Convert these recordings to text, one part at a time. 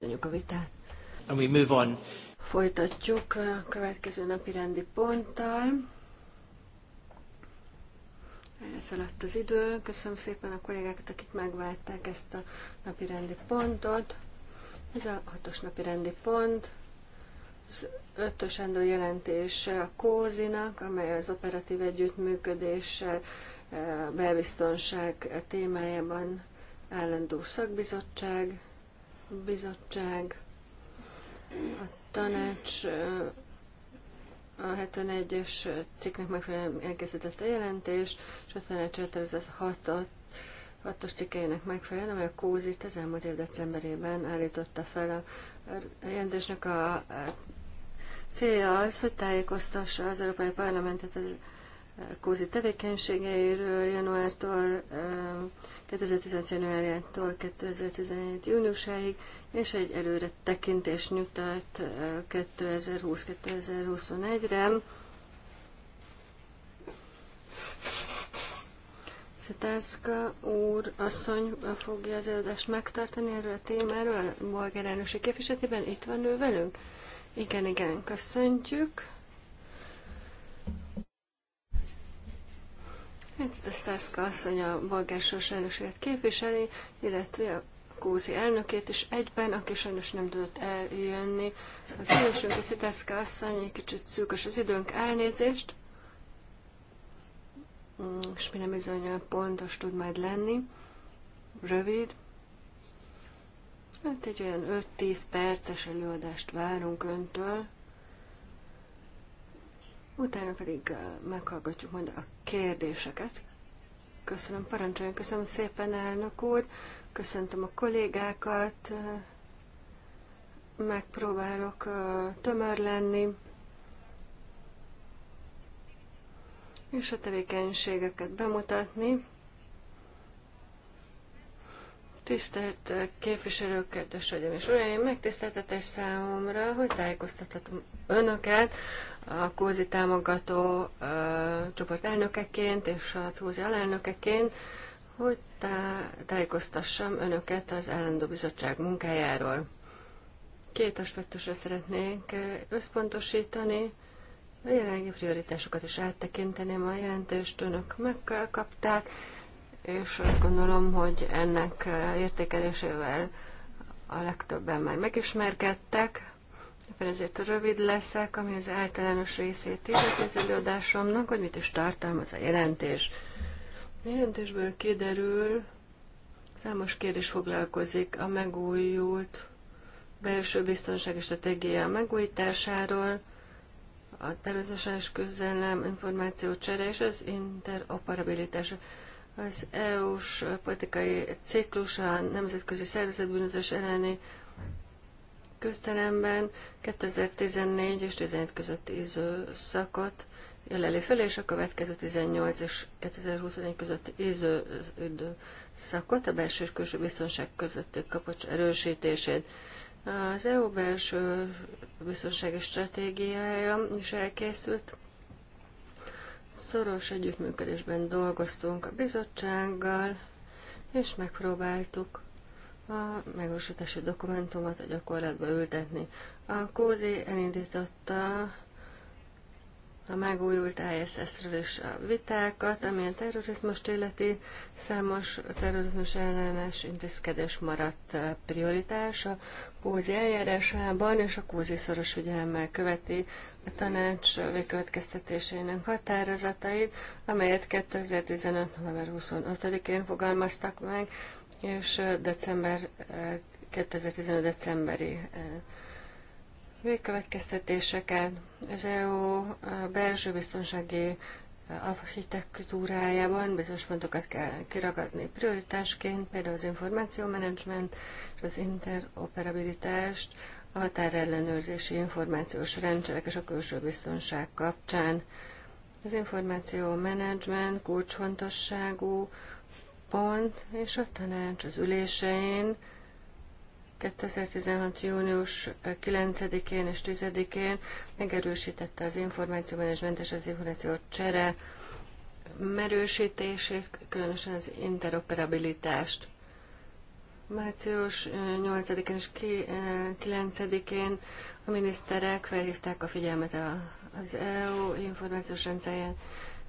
Köszönjük a vitát. Ami mi van? Folytatjuk a következő napi rendi ponttal. Elszaladt az idő. Köszönöm szépen a kollégákat, akik megvárták ezt a napi rendi pontot. Ez a hatos napi rendi pont. Az ötös endő jelentése a Kózinak, amely az operatív együttműködéssel eh, belbiztonság témájában állandó szakbizottság bizottság, a tanács a 71-es cikknek megfelelően elkészítette jelentést, és a tanács eltervezett 6-at os cikkeinek megfelelően, amely a Kózit az elmúlt év decemberében állította fel a jelentésnek a célja az, hogy tájékoztassa az Európai Parlamentet az kózi tevékenységeiről januártól 2017. januárjától 2017. júniusáig, és egy előre tekintés nyújtott 2020-2021-re. Szetárszka úr asszony fogja az előadást megtartani erről a témáról, a bolgár képviseletében. Itt van ő velünk? Igen, igen, köszöntjük. Hence asszony a bolgár soros képviseli, illetve a Kózi elnökét is egyben, aki sajnos nem tudott eljönni. Az ülésünk a Sziteszka asszony, egy kicsit szűkös az időnk, elnézést, mm, és mi minden bizonyal pontos tud majd lenni, rövid. Hát egy olyan 5-10 perces előadást várunk öntől utána pedig meghallgatjuk majd a kérdéseket. Köszönöm, parancsoljon, köszönöm szépen, elnök úr, köszöntöm a kollégákat, megpróbálok tömör lenni, és a tevékenységeket bemutatni. Tisztelt képviselők, kedves hölgyeim és uraim, megtiszteltetés számomra, hogy tájékoztathatom önöket a kózi támogató ö, csoport elnökeként és a kózi alelnökeként, hogy tá- tájékoztassam önöket az állandó bizottság munkájáról. Két aspektusra szeretnék összpontosítani. A jelenlegi prioritásokat is áttekinteném, a jelentést önök megkapták, és azt gondolom, hogy ennek értékelésével a legtöbben már megismerkedtek. Éppen ezért rövid leszek, ami az általános részét illeti az előadásomnak, hogy mit is tartalmaz a jelentés. A jelentésből kiderül, számos kérdés foglalkozik a megújult belső biztonsági stratégia megújításáról, a tervezéses küzdelem, információcsere és az interoperabilitás. Az EU-s politikai ciklus a nemzetközi szervezetbűnözés elleni közteremben 2014 és 2015 közötti időszakot jeleli föl, és a következő 18 és 2021 közötti időszakot, a belső és külső biztonság közötti kapocs erősítését. Az EU belső biztonsági stratégiája is elkészült. Szoros együttműködésben dolgoztunk a bizottsággal, és megpróbáltuk a megvalósítási dokumentumot a gyakorlatba ültetni. A Kózi elindította a megújult ISS-ről is a vitákat, ami a terrorizmust illeti számos terrorizmus ellenes intézkedés maradt eh, prioritás a kózi eljárásában, és a kózi szoros figyelemmel követi a tanács végkövetkeztetésének határozatait, amelyet 2015. november 25-én fogalmaztak meg, és december 2015. decemberi végkövetkeztetéseket. Az EU belső biztonsági architektúrájában bizonyos pontokat kell kiragadni prioritásként, például az információmenedzsment és az interoperabilitást, a határellenőrzési információs rendszerek és a külső biztonság kapcsán. Az információ kulcsfontosságú pont, és a tanács az ülésein 2016. június 9-én és 10-én megerősítette az információmenedzsment és az információ csere merősítését, különösen az interoperabilitást. Március 8 én és 9-én eh, a miniszterek felhívták a figyelmet az EU információs rendszerén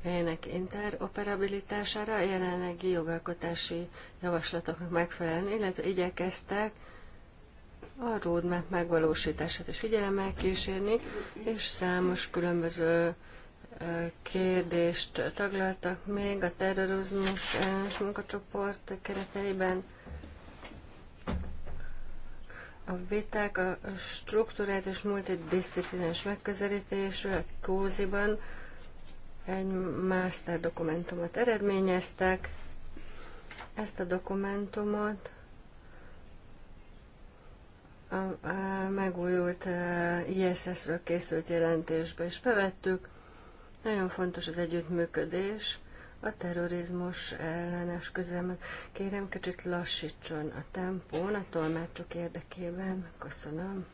helyének interoperabilitására jelenlegi jogalkotási javaslatoknak megfelelően, illetve igyekeztek a roadmap megvalósítását is figyelemmel kísérni, és számos különböző kérdést taglaltak még a terrorizmus ellenes munkacsoport kereteiben. A viták a struktúrát és multidisziplines megközelítésről a kóziban, egy master dokumentumot eredményeztek. Ezt a dokumentumot a, a megújult e, ISS-ről készült jelentésbe is bevettük. Nagyon fontos az együttműködés a terrorizmus ellenes közelmet. Kérem, kicsit lassítson a tempón a tolmácsok érdekében. Köszönöm.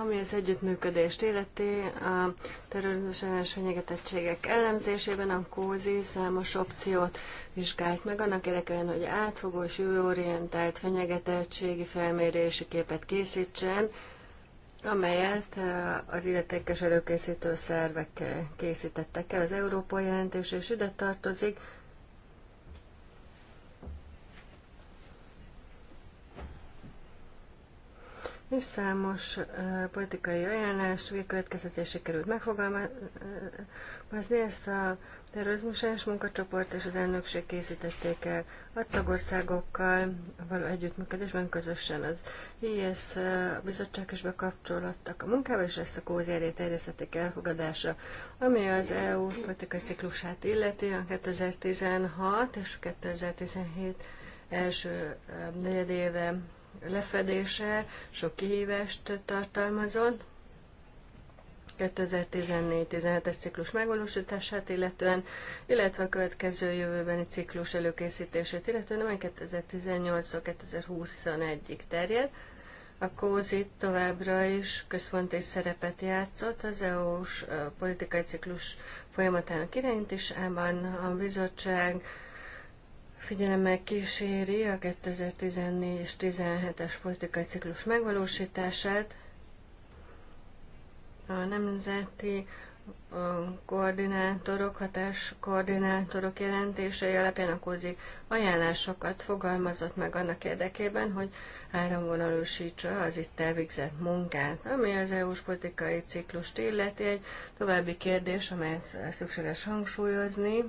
Ami az együttműködést életé, a terrorizmus ellenes fenyegetettségek ellenzésében a kózi számos opciót vizsgált meg annak érdekében, hogy átfogó és jövőorientált fenyegetettségi felmérési képet készítsen, amelyet az illetékes előkészítő szervek készítettek el. Az Európa jelentés és ide tartozik, és számos politikai ajánlás végkövetkezetésre került megfogalmazni ezt a terrorizmusás munkacsoport és az elnökség készítették el a tagországokkal való együttműködésben közösen az IS a bizottság is bekapcsolódtak a munkába, és ezt a kózéré terjesztették elfogadása, ami az EU politikai ciklusát illeti a 2016 és 2017 első negyedéve lefedése sok kihívást tartalmazott. 2014-17-es ciklus megvalósítását illetően, illetve a következő jövőbeni ciklus előkészítését illetően, amely 2018 2021-ig terjed. A COSIT továbbra is központi szerepet játszott az EU-s politikai ciklus folyamatának irányításában. A bizottság figyelemmel kíséri a 2014 és 17-es politikai ciklus megvalósítását. A nemzeti koordinátorok, hatás koordinátorok jelentései alapján a kózi ajánlásokat fogalmazott meg annak érdekében, hogy áramvonalúsítsa az itt elvégzett munkát, ami az EU-s politikai ciklust illeti. Egy további kérdés, amelyet szükséges hangsúlyozni,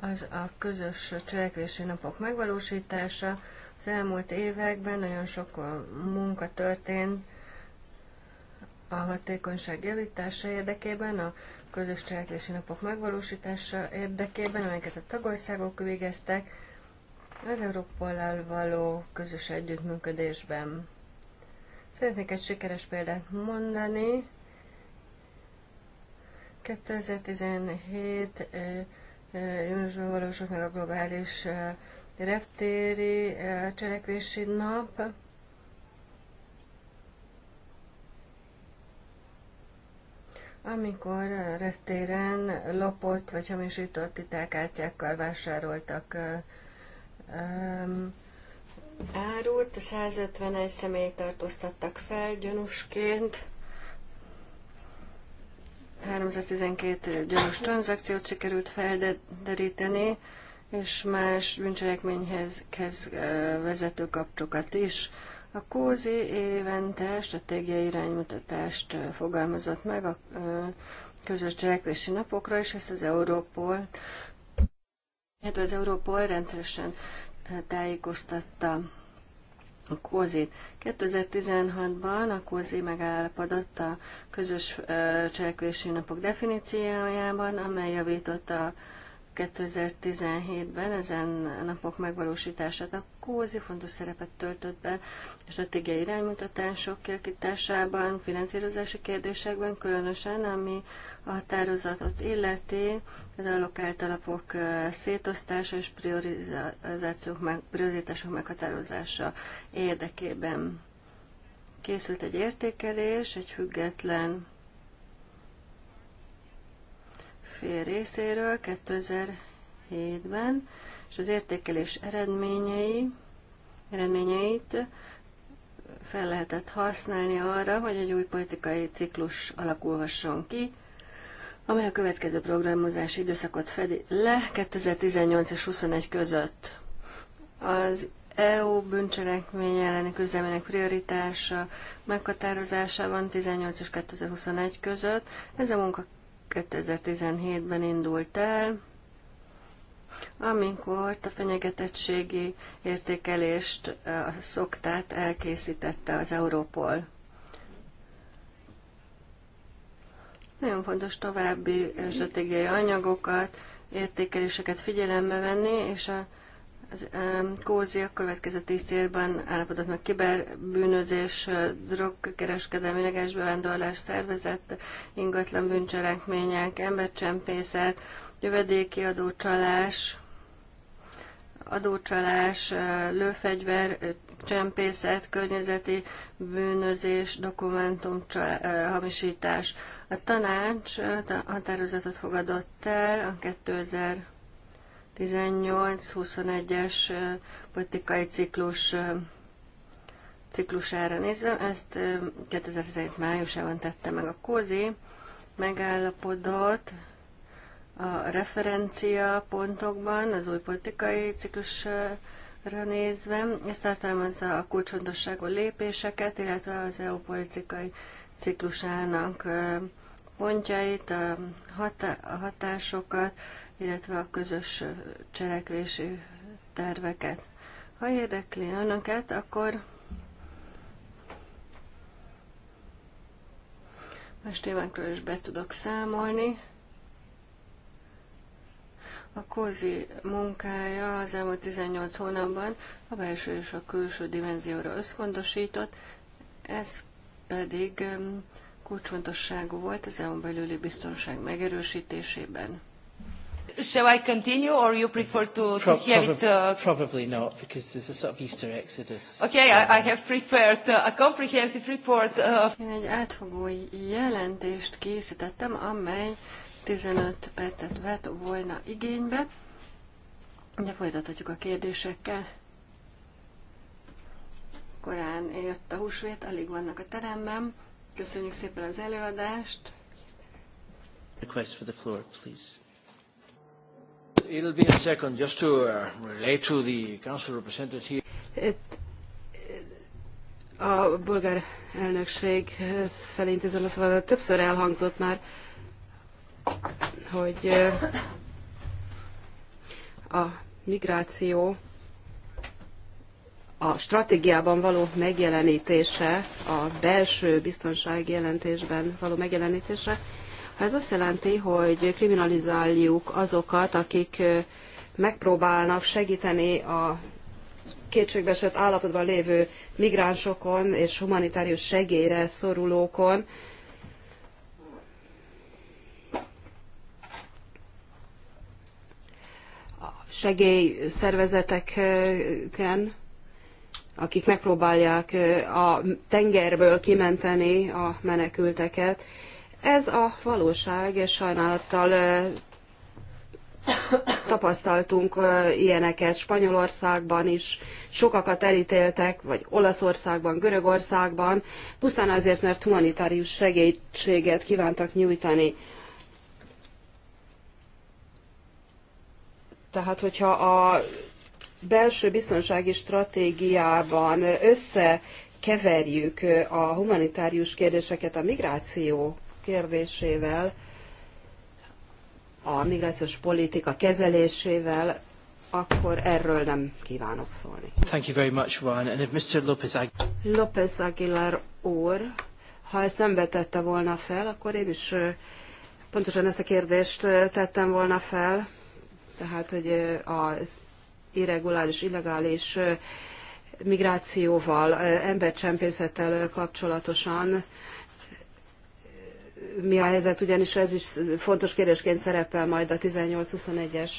az a közös cselekvési napok megvalósítása. Az elmúlt években nagyon sok munka történt a hatékonyság javítása érdekében, a közös cselekvési napok megvalósítása érdekében, amelyeket a tagországok végeztek, az Európollal való közös együttműködésben. Szeretnék egy sikeres példát mondani. 2017 júniusban valósul meg a globális eh, reptéri eh, cselekvési nap. Amikor reptéren lopott vagy hamisított titelkártyákkal vásároltak um, árult, 151 személyt tartóztattak fel gyanúsként. 312 gyanús tranzakciót sikerült felderíteni, és más bűncselekményhez kez, vezető kapcsokat is. A Kózi évente stratégiai iránymutatást fogalmazott meg a közös cselekvési napokra, és ezt az Európol, illetve az Európol rendszeresen tájékoztatta a Kózét. 2016-ban a Kózé megállapodott a közös cselekvési napok definíciójában, amely javította a 2017-ben ezen napok megvalósítását a Kózi fontos szerepet töltött be a stratégiai iránymutatások kialakításában, finanszírozási kérdésekben, különösen ami a határozatot illeti, az allokált alapok szétosztása és prioritások meghatározása érdekében. Készült egy értékelés, egy független fél részéről 2007-ben, és az értékelés eredményei, eredményeit fel lehetett használni arra, hogy egy új politikai ciklus alakulhasson ki, amely a következő programozási időszakot fedi le 2018 és 2021 között. Az EU bűncselekmény elleni küzdelmének prioritása van 18 és 2021 között. Ez a munka 2017-ben indult el, amikor a fenyegetettségi értékelést a szoktát elkészítette az Európol. Nagyon fontos további stratégiai anyagokat, értékeléseket figyelembe venni, és a az ehm, Kózi a következő tíz célban állapodott meg kiberbűnözés, drogkereskedelmi legális bevándorlás szervezett, ingatlan bűncselekmények, embercsempészet, jövedéki adócsalás, adócsalás, lőfegyver, csempészet, környezeti bűnözés, dokumentum hamisítás. A tanács határozatot fogadott el a 2000 18-21-es politikai ciklus ciklusára nézve, ezt 2017 májusában tette meg a kozi, megállapodott a referencia pontokban az új politikai ciklusra nézve. Ez tartalmazza a kulcsfontosságú lépéseket, illetve az EU politikai ciklusának pontjait, a, hatá- a hatásokat, illetve a közös cselekvési terveket. Ha érdekli önöket, akkor más témákról is be tudok számolni. A Kózi munkája az elmúlt 18 hónapban a belső és a külső dimenzióra összpontosított, ez pedig kulcsfontosságú volt az EU-n belüli biztonság megerősítésében. Shall I continue, or you prefer to, to hear it? Uh... Probably not, because there's a sort of Easter exodus. Okay, I, I have prepared uh, a comprehensive report. Of... Uh, Én egy átfogó jelentést készítettem, amely 15 percet vett volna igénybe, de folytathatjuk a kérdésekkel. Korán jött a húsvét, alig vannak a teremben. Köszönjük szépen az előadást. Request for the floor, please. It'll be a second just to uh, relate to the council representative. here. It, a bulgár elnökség eh, felintézem, az valahogy többször elhangzott már, hogy eh, a migráció a stratégiában való megjelenítése, a belső biztonsági jelentésben való megjelenítése, ez azt jelenti, hogy kriminalizáljuk azokat, akik megpróbálnak segíteni a kétségbeesett állapotban lévő migránsokon és humanitárius segélyre szorulókon. A segélyszervezeteken akik megpróbálják a tengerből kimenteni a menekülteket. Ez a valóság, és sajnálattal tapasztaltunk ilyeneket Spanyolországban is, sokakat elítéltek, vagy Olaszországban, Görögországban, pusztán azért, mert humanitárius segítséget kívántak nyújtani. Tehát, hogyha a belső biztonsági stratégiában összekeverjük a humanitárius kérdéseket a migráció kérdésével, a migrációs politika kezelésével, akkor erről nem kívánok szólni. Thank you very much, Juan. And if Mr. Lopez, Agu- Lopez Aguilar úr, ha ezt nem vetette volna fel, akkor én is pontosan ezt a kérdést tettem volna fel, tehát, hogy az irreguláris, illegális migrációval, embercsempészettel kapcsolatosan. Mi a helyzet, ugyanis ez is fontos kérdésként szerepel majd a 18-21-es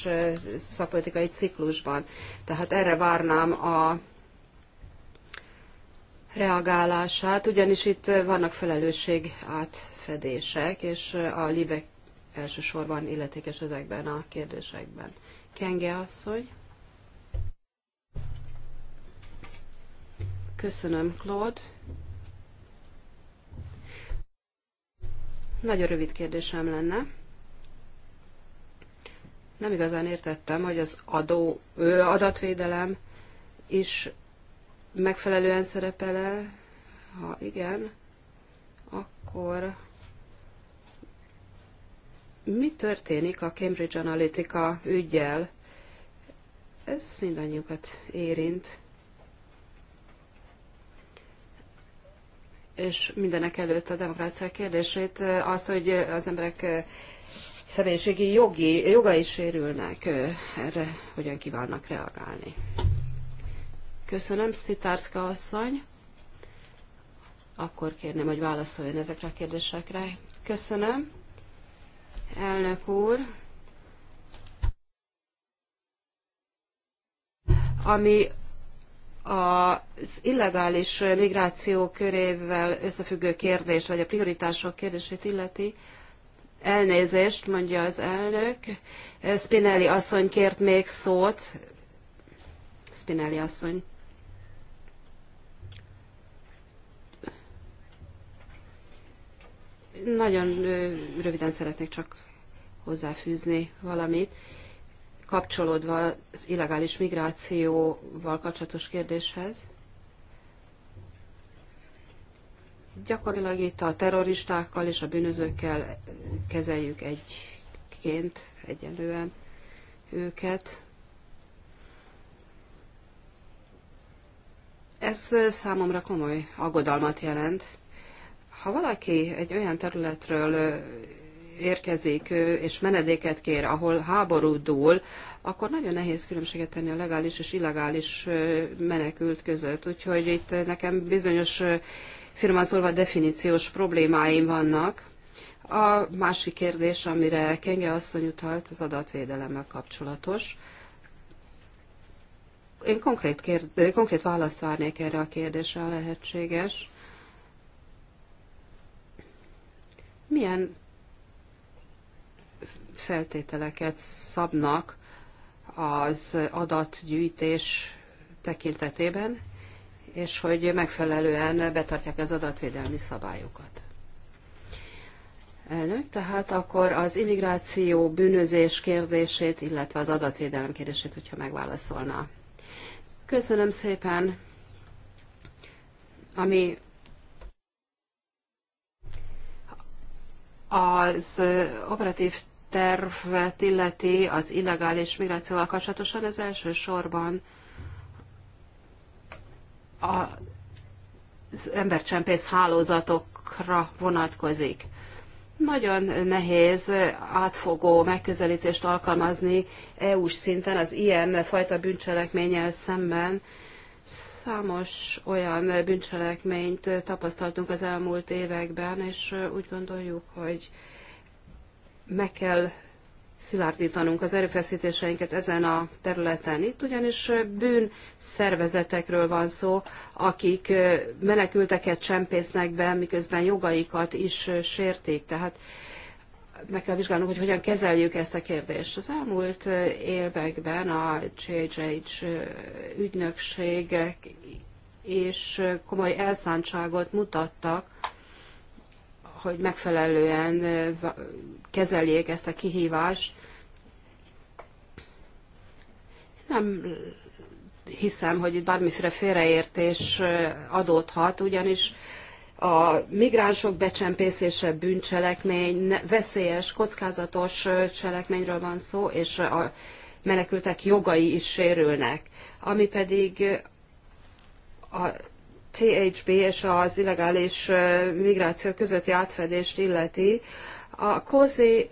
szakpolitikai ciklusban. Tehát erre várnám a reagálását, ugyanis itt vannak felelősség átfedések, és a libek elsősorban illetékes ezekben a kérdésekben. Kenge asszony. Köszönöm, Claude. Nagyon rövid kérdésem lenne. Nem igazán értettem, hogy az adó ö, adatvédelem is megfelelően szerepele. Ha igen, akkor mi történik a Cambridge Analytica ügyel? Ez mindannyiukat érint. és mindenek előtt a demokrácia kérdését, azt, hogy az emberek személyiségi jogi, jogai sérülnek, erre hogyan kívánnak reagálni. Köszönöm, Szitárszka asszony. Akkor kérném, hogy válaszoljon ezekre a kérdésekre. Köszönöm. Elnök úr, ami az illegális migráció körével összefüggő kérdést, vagy a prioritások kérdését illeti, elnézést, mondja az elnök. Spinelli asszony kért még szót. Spinelli asszony. Nagyon röviden szeretnék csak hozzáfűzni valamit kapcsolódva az illegális migrációval kapcsolatos kérdéshez. Gyakorlatilag itt a terroristákkal és a bűnözőkkel kezeljük egyként, egyenlően őket. Ez számomra komoly aggodalmat jelent. Ha valaki egy olyan területről érkezik és menedéket kér, ahol háború dúl, akkor nagyon nehéz különbséget tenni a legális és illegális menekült között. Úgyhogy itt nekem bizonyos firmázolva definíciós problémáim vannak. A másik kérdés, amire Kenge asszony utalt, az adatvédelemmel kapcsolatos. Én konkrét, kérd, konkrét választ várnék erre a kérdésre, a lehetséges. Milyen feltételeket szabnak az adatgyűjtés tekintetében, és hogy megfelelően betartják az adatvédelmi szabályokat. Elnök, tehát akkor az immigráció bűnözés kérdését, illetve az adatvédelem kérdését, hogyha megválaszolná. Köszönöm szépen, ami az operatív tervet illeti az illegális migrációval kapcsolatosan, ez elsősorban az embercsempész hálózatokra vonatkozik. Nagyon nehéz átfogó megközelítést alkalmazni EU-s szinten az ilyen fajta bűncselekménnyel szemben. Számos olyan bűncselekményt tapasztaltunk az elmúlt években, és úgy gondoljuk, hogy meg kell szilárdítanunk az erőfeszítéseinket ezen a területen. Itt ugyanis bűn szervezetekről van szó, akik menekülteket csempésznek be, miközben jogaikat is sértik. Tehát meg kell vizsgálnunk, hogy hogyan kezeljük ezt a kérdést. Az elmúlt években a CHH ügynökségek és komoly elszántságot mutattak hogy megfelelően kezeljék ezt a kihívást. Nem hiszem, hogy itt bármiféle félreértés adódhat, ugyanis a migránsok becsempészése bűncselekmény, veszélyes, kockázatos cselekményről van szó, és a menekültek jogai is sérülnek. Ami pedig a THB és az illegális migráció közötti átfedést illeti, a COSI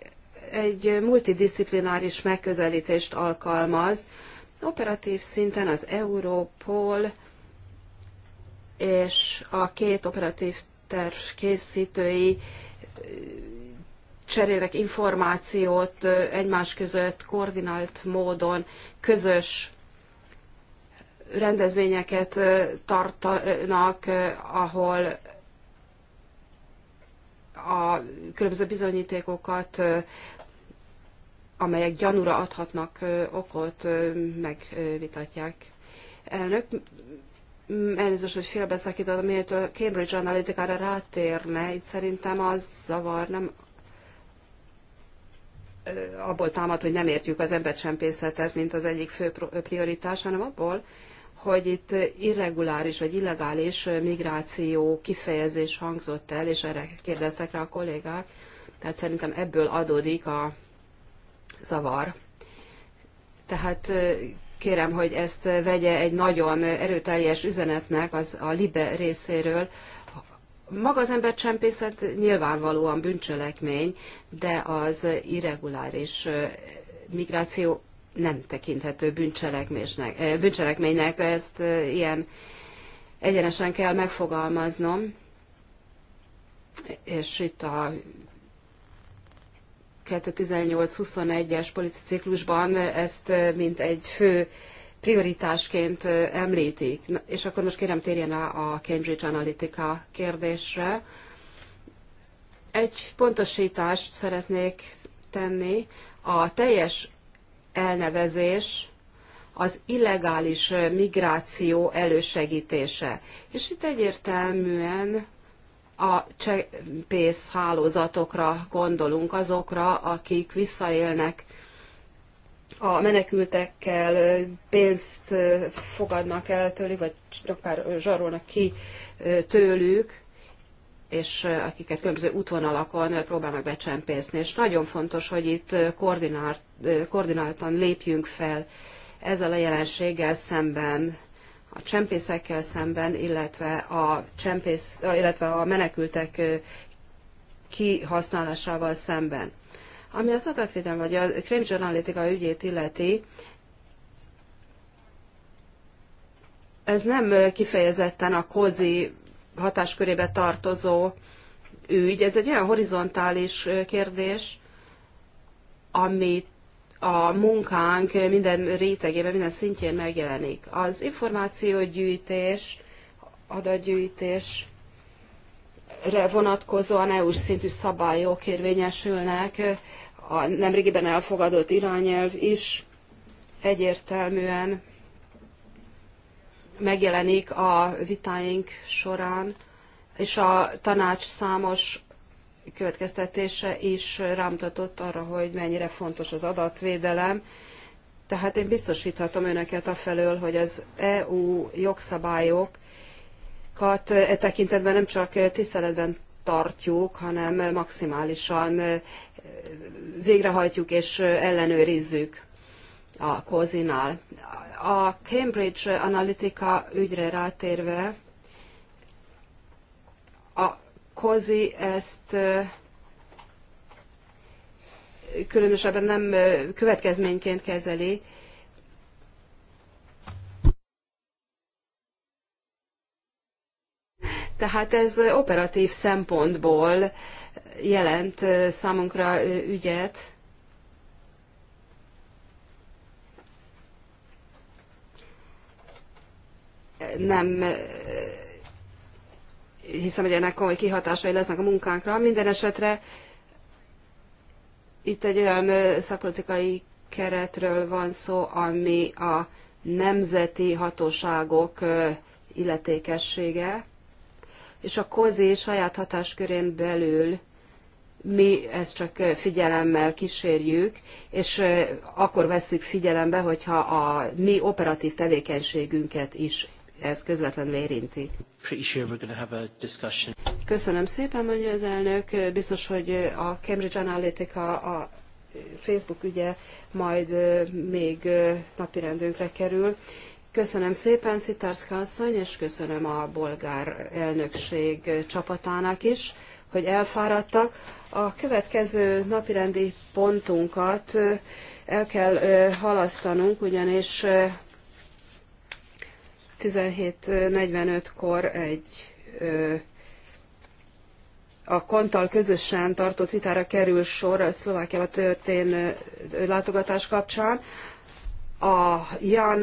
egy multidisziplináris megközelítést alkalmaz. Operatív szinten az Europol és a két operatív terv készítői cserélek információt egymás között koordinált módon, közös rendezvényeket tartanak, ahol a különböző bizonyítékokat, amelyek gyanúra adhatnak okot, megvitatják. Elnök, elnézést, hogy félbeszakítottam, miért a Cambridge Analytica-ra rátérne, itt szerintem az zavar nem abból támad, hogy nem értjük az embercsempészetet, mint az egyik fő prioritás, hanem abból, hogy itt irreguláris vagy illegális migráció kifejezés hangzott el, és erre kérdeztek rá a kollégák, tehát szerintem ebből adódik a zavar. Tehát kérem, hogy ezt vegye egy nagyon erőteljes üzenetnek az a LIBE részéről. Maga az csempészet nyilvánvalóan bűncselekmény, de az irreguláris migráció nem tekinthető bűncselekménynek, eh, bűncselekménynek ezt eh, ilyen egyenesen kell megfogalmaznom, és itt a 2018-21-es politikai ciklusban ezt eh, mint egy fő prioritásként említik. És akkor most kérem térjen a Cambridge Analytica kérdésre. Egy pontosítást szeretnék tenni. A teljes elnevezés az illegális migráció elősegítése. És itt egyértelműen a csempész hálózatokra gondolunk, azokra, akik visszaélnek a menekültekkel, pénzt fogadnak el tőlük, vagy akár zsarolnak ki tőlük, és akiket különböző útvonalakon próbálnak becsempészni. És nagyon fontos, hogy itt koordinált, koordináltan lépjünk fel ezzel a jelenséggel szemben, a csempészekkel szemben, illetve a, csempész, illetve a menekültek kihasználásával szemben. Ami az adatvédelem vagy a crime journalistika ügyét illeti, ez nem kifejezetten a kozi hatáskörébe tartozó ügy. Ez egy olyan horizontális kérdés, amit a munkánk minden rétegében, minden szintjén megjelenik. Az információgyűjtés, adatgyűjtés vonatkozóan EU-s szintű szabályok érvényesülnek, a nemrégiben elfogadott irányelv is egyértelműen megjelenik a vitáink során, és a tanács számos következtetése is rámutatott arra, hogy mennyire fontos az adatvédelem. Tehát én biztosíthatom önöket felől, hogy az EU jogszabályokat e tekintetben nem csak tiszteletben tartjuk, hanem maximálisan végrehajtjuk és ellenőrizzük a kozinál. A Cambridge Analytica ügyre rátérve, a COSI ezt különösebben nem következményként kezeli, Tehát ez operatív szempontból jelent számunkra ügyet. nem hiszem, hogy ennek komoly kihatásai lesznek a munkánkra. Minden esetre itt egy olyan szakpolitikai keretről van szó, ami a nemzeti hatóságok illetékessége, és a COZI saját hatáskörén belül mi ezt csak figyelemmel kísérjük, és akkor vesszük figyelembe, hogyha a mi operatív tevékenységünket is ez közvetlenül érinti. Köszönöm szépen, mondja az elnök. Biztos, hogy a Cambridge Analytica a Facebook ügye majd még napirendünkre kerül. Köszönöm szépen Szitárszka asszony, és köszönöm a bolgár elnökség csapatának is, hogy elfáradtak. A következő napirendi pontunkat el kell halasztanunk, ugyanis 17.45-kor egy a kontal közösen tartott vitára kerül sor a Szlovákiába történő látogatás kapcsán. A Jan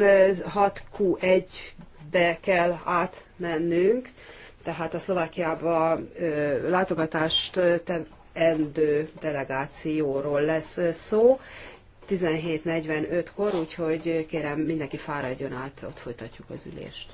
6Q1-be kell átmennünk, tehát a Szlovákiába látogatást endő delegációról lesz szó, 17.45-kor, úgyhogy kérem mindenki fáradjon át, ott folytatjuk az ülést.